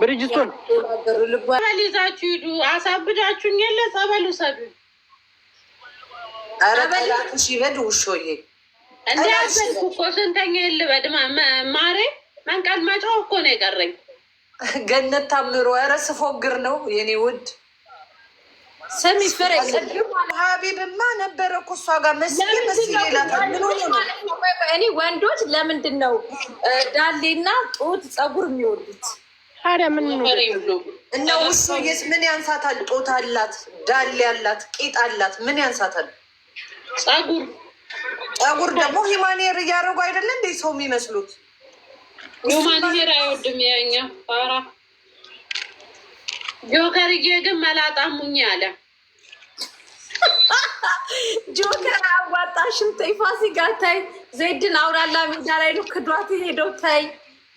ብርጅስቶን ጸበል ይዛችሁ ሂዱ። አሳብዳችሁኝ የለ ጸበል ውሰዱ። ጠላትሽ ይበድ ውሾዬ እንዳያዘልኩ እኮ ስንተኛ የልበድ ማሬ መንቀል መጫው እኮ ነው የቀረኝ። ገነት ታምሮ ኧረ ስፎግር ነው የኔ ውድ ስሚ ፍሬ ሀቢብማ ነበረ እኮ እሷ ጋር መስዬ መስዬ እኔ ወንዶች ለምንድን ነው ዳሌና ጡት ፀጉር የሚወዱት? ታዲያ ምን እና ውሾ የት ምን ያንሳታል? ጦት አላት፣ ዳሌ አላት፣ ቂጥ አላት። ምን ያንሳታል? ጸጉር ጸጉር ደግሞ ሂማኔር እያደረጉ አይደለ እንዴ ሰው የሚመስሉት? ሂማኔር አይወድም ያኛ ራ ጆከርዬ ግን ሙኝ አለ ጆከር አዋጣሽም። ተይ ፋሲካ ተይ፣ ዘይድን አውራላ ሚዳ ላይ ነው ክዷት ሄደው ተይ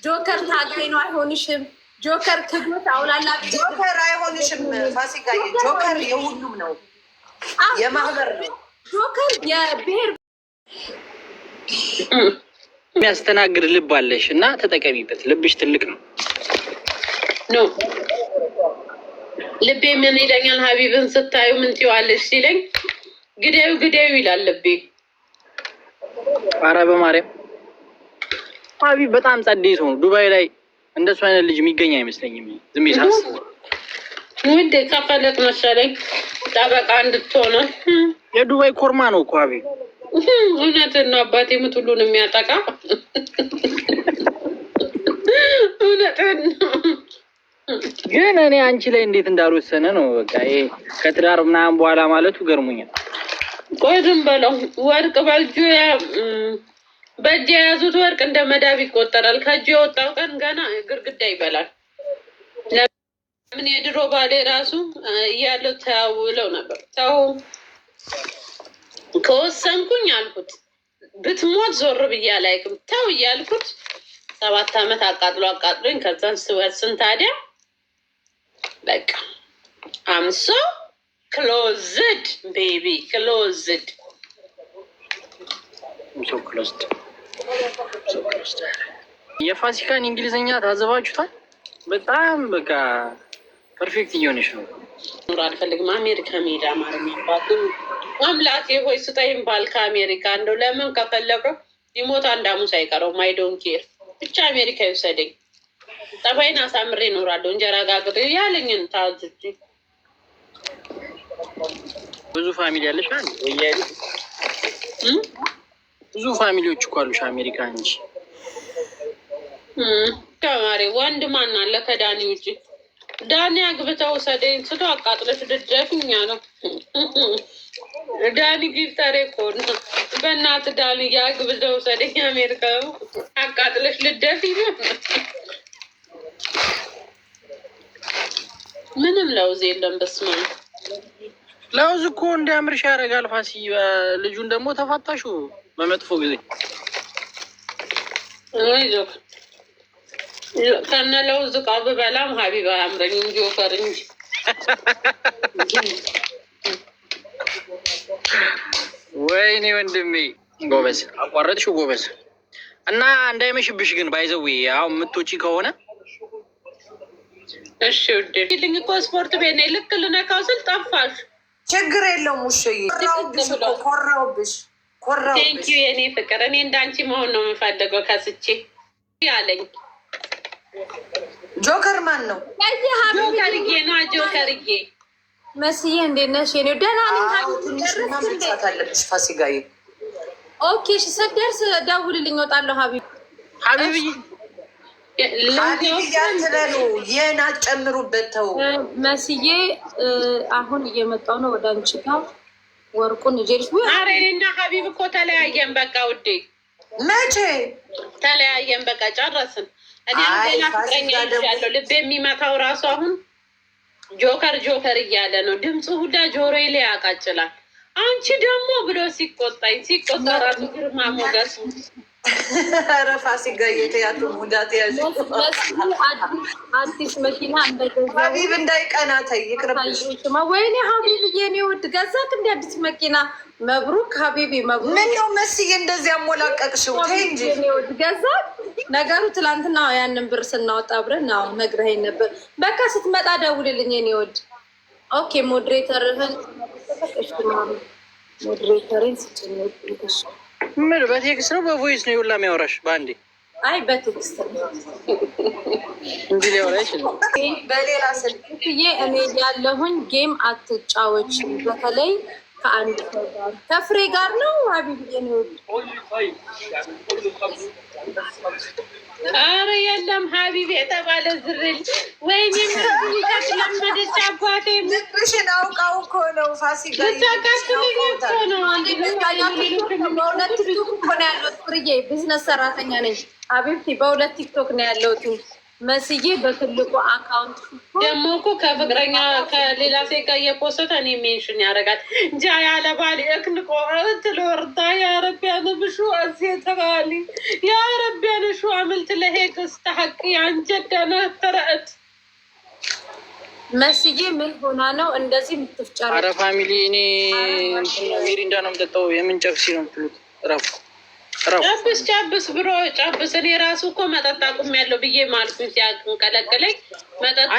ጆከር ታጋይ ነው፣ አይሆንሽም ጆከር ክዶት አውላላ ጆከር አይሆንሽም። ፋሲካዬ ጆከር የሁሉም ነው፣ የማህበር ነው። ጆከር የብሄር የሚያስተናግድ ልብ አለሽ እና ተጠቀሚበት። ልብሽ ትልቅ ነው። ኖ ልቤ ምን ይለኛል? ሀቢብን ስታዩ ምን ትይዋለሽ ሲለኝ ግደዩ ግደዩ ይላል ልቤ። አረ በማርያም ሀቢብ በጣም ጸደይ ሰው ነው ዱባይ ላይ እንደሱ አይነት ልጅ የሚገኝ አይመስለኝም። ዝም ሳስበው ውድ ከፈለጥ መሰለኝ ጠበቃ እንድትሆነ የዱባይ ኮርማ ነው እኮ አቤ፣ እውነትን ነው አባቴ። ምት ሁሉን የሚያጠቃ እውነትን ነው። ግን እኔ አንቺ ላይ እንዴት እንዳልወሰነ ነው በቃ። ይሄ ከትዳር ምናምን በኋላ ማለቱ ገርሙኛል። ቆይ ዝም በለው ወርቅ በልጆ በእጅ የያዙት ወርቅ እንደ መዳብ ይቆጠራል። ከእጅ የወጣው ቀን ገና ግርግዳ ይበላል። ለምን የድሮ ባሌ ራሱ እያለው ተያውለው ነበር። ተው ከወሰንኩኝ አልኩት ብትሞት ዞር ብዬ አላይክም ተው እያልኩት ሰባት ዓመት አቃጥሎ አቃጥሎኝ ከዛን ስወስን ታዲያ በቃ አምሶ ክሎዝድ ቤቢ ክሎዝድ የፋሲካን እንግሊዝኛ ታዘባችሁታል? በጣም በቃ ፐርፌክት እየሆነች ነው። ኑሮ አልፈልግም አሜሪካ ሜዳ አማርኛ ባቱ አምላኬ ሆይ ስጠይም ባል ከአሜሪካ እንደው ለምን ከፈለገው ሊሞት አንድ ሐሙስ ማይዶን ኬር ብቻ አሜሪካ ይውሰደኝ። ጠባይን አሳምሬ እኖራለሁ። እንጀራ ጋግሬ ያለኝን ታዝ ብዙ ፋሚሊ ያለች ብዙ ፋሚሊዎች እኮ አሉሽ አሜሪካ እንጂ ከማሪ ወንድ ማን አለ ከዳኒ ውጭ? ዳኒ አግብተው ሰደኝ ስቶ አቃጥለች ድደፍኛ ነው። ዳኒ ጊፍተሬ እኮ ነው። በእናት ዳኒ አግብተው ሰደኝ አሜሪካ አቃጥለች ልደፊ ነው። ምንም ለውዝ የለም። በስመ ለውዝ እኮ እንዲያምርሽ ያደርጋል። ፋሲ ልጁን ደግሞ ተፋታሹ በመጥፎ ጊዜ ከነ ለውዝ ቃብ በላም ሀቢብ አያምረኝ እንጂ ወፈር እንጂ ወይኔ ወንድሜ ጎበዝ አቋረጥሽው ጎበዝ። እና እንዳይመሽብሽ ግን ባይዘዌ አሁን የምትወጪ ከሆነ እሺ ውድ ልኝ እኮ ስፖርት ቤት ነኝ። ልክ ልነካው ስል ጠፋሽ። ችግር የለውም። ውሽዬ ኮራውብሽ ኮራውብሽ ኮራውብሽ። ዩ የኔ ፍቅር። እኔ እንዳንቺ መሆን ነው የምፈልገው። ከስቼ ያለኝ ጆከር ማን ነው? ጆከርዬ ነዋ። ጆከርዬ መስዬ እንዴት ነሽ? ኔ ደህና ነኝ። ፋሲካዬ። ኦኬ፣ ስደርስ ደውልልኝ። እወጣለሁ ሀቢብ ሀቢብዬ ያትለሉ የናት ጨምሩበት። ተው መስዬ አሁን እየመጣው ነው ወደ አንቺ ጋር ወርቁን ጀርስ ኧረ እኔና ሀቢብ እኮ ተለያየን። በቃ ውዴ መቼ ተለያየን? በቃ ጨረስን። እኔ ሌላ ፍቅረኛ ያለው ልብ የሚመታው ራሱ አሁን ጆከር ጆከር እያለ ነው። ድምፁ ሁላ ጆሮዬ ላይ ያቃጭላል። አንቺ ደግሞ ብሎ ሲቆጣኝ ሲቆጣ ራሱ ግርማ ሞገሱ ፋሲካ እየተያቱ ሙዳት አዲስ መኪና ሀቢብ እንዳይቀና ወይኔ ሀቢብ የኔ ውድ ገዛት እንደ አዲስ መኪና መብሩክ ሀቢቢ መብሩክ። መስዬ እንደዚህ አሞላቀቅሽው? ተይ እንጂ ገዛት። ነገሩ ትላንትና ያንን ብር ስናወጣ ብረን ነግረኸኝ ነበር። በቃ ስትመጣ ደውልልኝ የኔ ውድ። ኦኬ ስጭ ምን በቴክስት ነው በቮይስ ነው ይሁላ የሚያወራሽ? በአንዴ አይ በቴክስት እንጂ ሊያወራ ይችላል። በሌላ ስልክ እኔ ያለሁኝ ጌም አትጫወች በተለይ ከአንድ ሰው ጋር ከፍሬ ጋር ነው። ሀቢብዬ ነው። የለም ሀቢብ የተባለ ዝርል ወይኔ ለመደች አባቴ ምሽን አውቃው እኮ ነው ፋሲጋቃትለኝ ነው ቲክቶክ ነው ሰራተኛ ነኝ። በሁለት ቲክቶክ ነው መስዬ በትልቁ አካውንት ደግሞ እኮ ከፍቅረኛ ከሌላ ሴት ጋር እየፖሰተ እኔ ሜንሽን ያደርጋል። እንጃ ያለ ባል እክልቆ የአረቢያን ብሹ ንብሹ ተባሊ የአረቢያን ሹ አምልት ለሄቅ ስተሐቂ አንጀዳነ ተረእት መስዬ ምን ሆና ነው እንደዚህ ምትፍጫ? አረ ፋሚሊ እኔ ሚሪንዳ ነው የምጠጣው። የምን ነው ምትሉት? ረፉ ጫብስ ጫብስ ብሮ ጫብስ። እኔ ራሱ እኮ መጠጥ አቁሜያለሁ ብዬ ማልኩኝ ሲያንቀለቅለኝ መጠጥ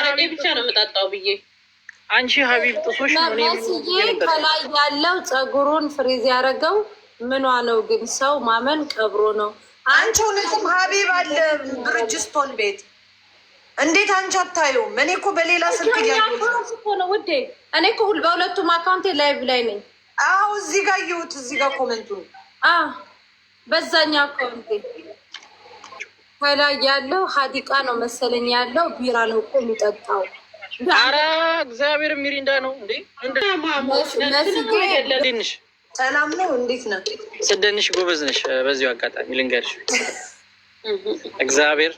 አረቄ ብቻ ነው የምጠጣው ብዬ አንቺ ሀቢብ ጥሶሽ ከላይ ያለው ጸጉሩን ፍሪዝ ያደረገው ምኗ ነው ግን? ሰው ማመን ቀብሮ ነው። አንቺ እውነትም ሀቢብ አለ ብርጅስቶን ቤት እንዴት አንቺ አታዩም? እኔ እኮ በሌላ ስልክ ነው ውዴ። እኔ እኮ በሁለቱም አካውንቴ ላይቭ ላይ ነኝ። አዎ እዚህ ጋር እየሁት እዚህ ጋር ኮመንቱ ነው በዛኛው አካውንቴ ከላይ ያለው ሀዲቃ ነው መሰለኝ ያለው ቢራ ነው እኮ የሚጠጣው። ኧረ እግዚአብሔር ሚሪንዳ ነው እንዴ! ሰላም ነው። እንዴት ነው? ስደንሽ ጎበዝ ነሽ። በዚሁ አጋጣሚ ልንገርሽ እግዚአብሔር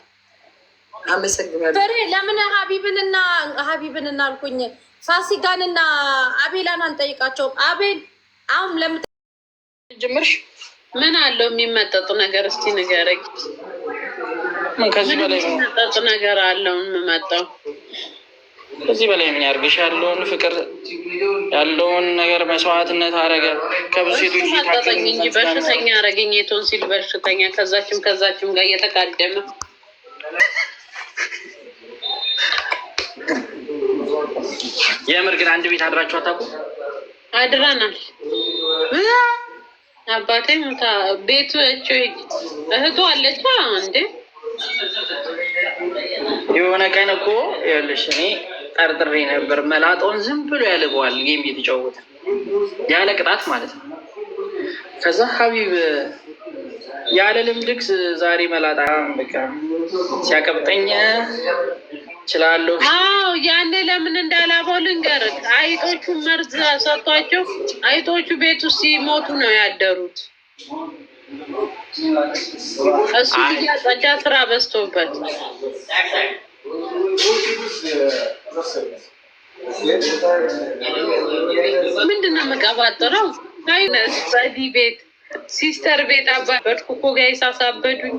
አመሰግናለሁ። ለምን ሀቢብንና ሀቢብንና አልኩኝ ፋሲካንና አቤላን አንጠይቃቸውም? አቤል አሁን ለምን ጅምርሽ ምን አለው የሚመጠጥ ነገር? እስቲ ንገረኝ። ከዚህ የሚመጠጥ ነገር አለው የምመጣው? ከዚህ በላይ ምን ያርግሽ? ያለውን ፍቅር ያለውን ነገር መስዋዕትነት አረገ። ከብዙ ሴቶች መጠጠኝ እንጂ በሽተኛ አረገኝ። ሲል በሽተኛ ከዛችም ከዛችም ጋር እየተቃደመ የምር ግን አንድ ቤት አድራችሁ አታውቁም? አድረናል አባቴ ሙታ ቤቱ እቹ እህቱ አለች እንዴ? የሆነ ቀን እኮ ያለሽ እኔ ጠርጥሬ ነበር። መላጦን ዝም ብሎ ያልበዋል ጌም እየተጫወተ ያለ ቅጣት ማለት ነው። ከዛ ሀቢብ ያለ ልምድክስ ዛሬ መላጣ በቃ ሲያቀብጠኝ ችላለሁ። አዎ ያኔ ለምን እንዳላበው ልንገር አይጦቹ መርዝ ሰጥቷቸው አይጦቹ ቤት ውስጥ ሲሞቱ ነው ያደሩት። እሱ እያጸዳ ስራ በዝቶበት ምንድን ነው የምቀባጥረው? ጸዲ ቤት ሲስተር ቤት አባ በድኩኮ ሳሳበዱኝ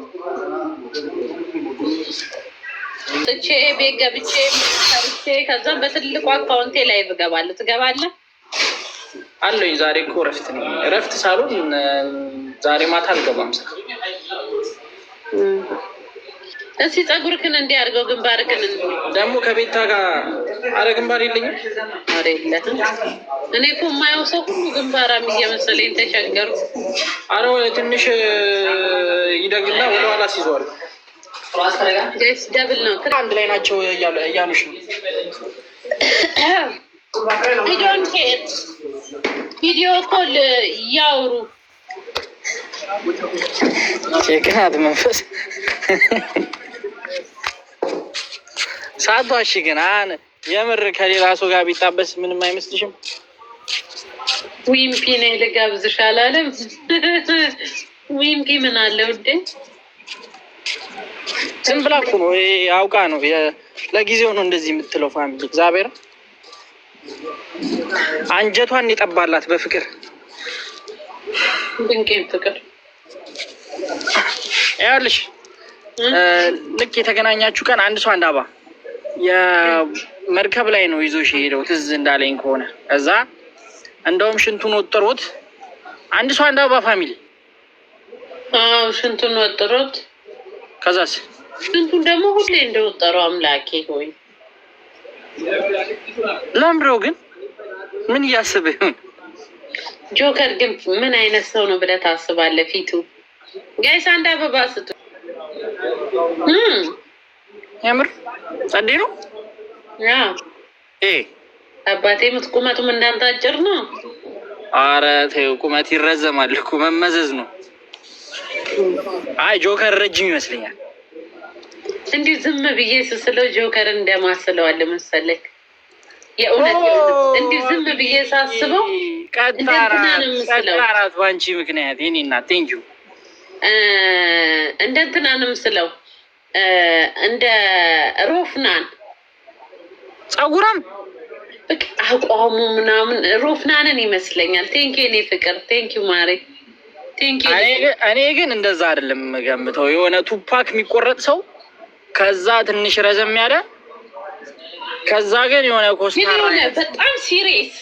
እቼ ቤት ገብቼ ሰርቼ ከዛ በትልቁ አካውንቴ ላይ እገባለሁ። ትገባለህ አለኝ። ዛሬ እኮ እረፍት ነው። እረፍት ሳሎን ዛሬ ማታ አልገባም። ስ ፀጉርክን እንዲህ አድርገው፣ ግንባርክን ደግሞ ከቤታ ጋር አረ፣ ግንባር የለኝም። አረ የለህም። እኔ እኮ የማየው ሰው ሁሉ ግንባራም እየመሰለኝ ተቸገሩ። አረ ትንሽ ይደግና ወደኋላ ሲዘዋል ደብል ነው አንድ ላይ ናቸው እያሉሽ ነው። ዶንት ኬር ቪዲዮ ኮል ያውሩ የቅናት መንፈስ ሳቷሽ ግን አን የምር ከሌላ ሰው ጋር ቢጣበስ ምንም አይመስልሽም? ዊምፒ ነይ ልጋብዝሽ አላለም? ዊምፒ ምን አለ ውዴ ዝም ብላ እኮ ነው አውቃ ነው ለጊዜው ነው እንደዚህ የምትለው። ፋሚሊ እግዚአብሔር አንጀቷን የጠባላት በፍቅር ድንቅ ፍቅር ያልሽ። ልክ የተገናኛችሁ ቀን አንድ ሰው አንዳባ የመርከብ ላይ ነው ይዞሽ የሄደው ትዝ እንዳለኝ ከሆነ እዛ እንደውም ሽንቱን ወጥሮት አንድ ሰው አንዳባ ፋሚሊ ሽንቱን ወጥሮት ከዛስ ስንቱን ደግሞ ሁሌ እንደወጠረው አምላኬ ሆይ ላምረው። ግን ምን እያስበ ጆከር ግን ምን አይነት ሰው ነው ብለህ ታስባለህ? ፊቱ ጋይስ፣ አንድ አበባ ስጡ። የምር ጸዴ ነው አባቴ። ምት ቁመቱም እንዳንተ አጭር ነው። አረ ተይው፣ ቁመት ይረዘማል እኮ መመዘዝ ነው። አይ ጆከር ረጅም ይመስለኛል። እንዲህ ዝም ብዬ ስስለው ጆከር እንደማስለዋል መሰለኝ። የእውነት እንዲህ ዝም ብዬ ሳስበው ቀጣራት በአንቺ ምክንያት የኔ እናት ቴንጁ እንደ እንትናንም ስለው እንደ ሮፍናን ጸጉራም አቋሙ ምናምን ሮፍናንን ይመስለኛል። ቴንኪ የኔ ፍቅር ቴንኪ ማሬ። እኔ ግን እንደዛ አይደለም ገምተው የሆነ ቱፓክ የሚቆረጥ ሰው ከዛ ትንሽ ረዘም ያለ ከዛ ግን የሆነ ኮስታራ በጣም ሲሪየስ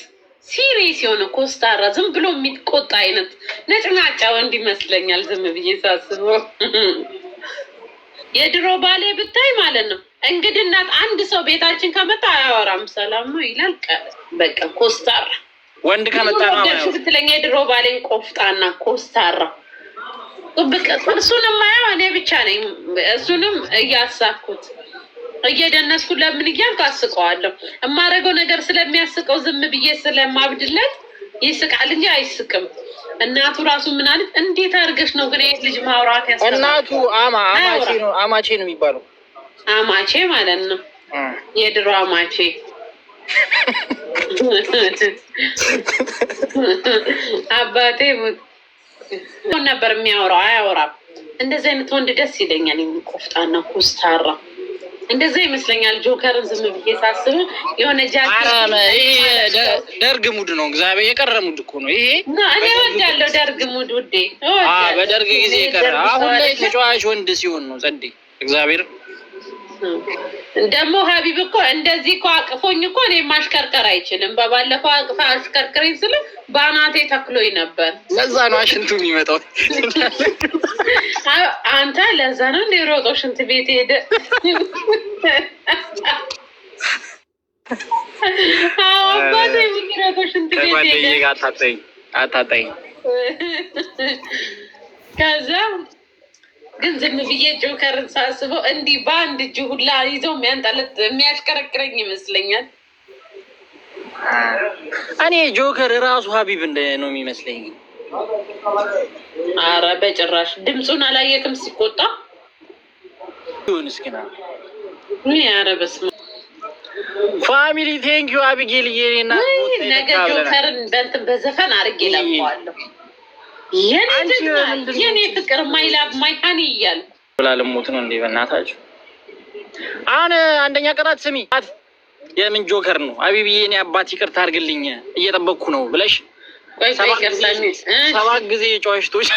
ሲሪየስ የሆነ ኮስታራ ዝም ብሎ የሚቆጣ አይነት ነጭናጫ ወንድ ይመስለኛል። ዝም ብዬ ሳስበው የድሮ ባሌ ብታይ ማለት ነው እንግድናት አንድ ሰው ቤታችን ከመጣ አያወራም፣ ሰላም ነው ይላል። በቃ ኮስታራ ወንድ ከመጣ ነው ብትለኝ የድሮ ባሌን ቆፍጣና ኮስታራ እሱን የማየው እኔ ብቻ ነኝ። እሱንም እያሳኩት እየደነስኩ ለምን እያልኩ አስቀዋለሁ። የማደርገው ነገር ስለሚያስቀው ዝም ብዬ ስለማብድለት ይስቃል እንጂ አይስቅም። እናቱ ራሱ ምን አለች? እንዴት አድርገሽ ነው ግን ይሄት ልጅ ማውራት ያስቀ እናቱ አማቼ ነው አማቼ ነው የሚባለው አማቼ ማለት ነው የድሮ አማቼ አባቴ ሆን ነበር የሚያወራው። አያወራም። እንደዚህ አይነት ወንድ ደስ ይለኛል። ቆፍጣና ኩስታራ እንደዚህ ይመስለኛል። ጆከርን ዝም ብዬ ሳስብ የሆነ ደርግ ሙድ ነው። እግዚአብሔር የቀረ ሙድ እኮ ነው ይሄ። እኔ እወዳለሁ ደርግ ሙድ ውዴ። በደርግ ጊዜ የቀረ አሁን ላይ ተጫዋች ወንድ ሲሆን ነው ጸዴ እግዚአብሔር ደግሞ ሀቢብ እኮ እንደዚህ እኮ አቅፎኝ እኮ እኔ ማሽከርከር አይችልም። በባለፈው አቅፈ አሽከርክረኝ ስለ በአናቴ ተክሎኝ ነበር። ለዛ ነው አሽንቱ የሚመጣው አንተ። ለዛ ነው እንደ ሮጦ ሽንት ቤት ሄደ። አባቴ ሮጦ ሽንት ቤት ሄደ። አታጣኝ አታጣኝ ከዛ ግን ዝም ብዬ ጆከርን ሳስበው እንዲህ በአንድ እጅ ሁላ ይዞ የሚያንጣለት የሚያሽከረክረኝ ይመስለኛል። እኔ ጆከር ራሱ ሀቢብ እንደ ነው የሚመስለኝ። አረ በጭራሽ ድምፁን አላየክም ሲቆጣ ሆን እስኪና ምን ያረበስ ፋሚሊ ቴንኪዩ አብጌል እየኔና ነገ ጆከርን በንትን በዘፈን አርጌ ለመዋለሁ። የኔ ፍቅር ማይላብ ማይካኒ እያሉ ብላለሞት ነው እንዴ? በእናታችሁ አሁን አንደኛ ቀጣት ስሚ የምን ጆከር ነው? አቢብዬ እኔ አባት ይቅርታ አድርግልኝ እየጠበቅኩ ነው ብለሽ ሰባት ጊዜ ጨዋሽቶች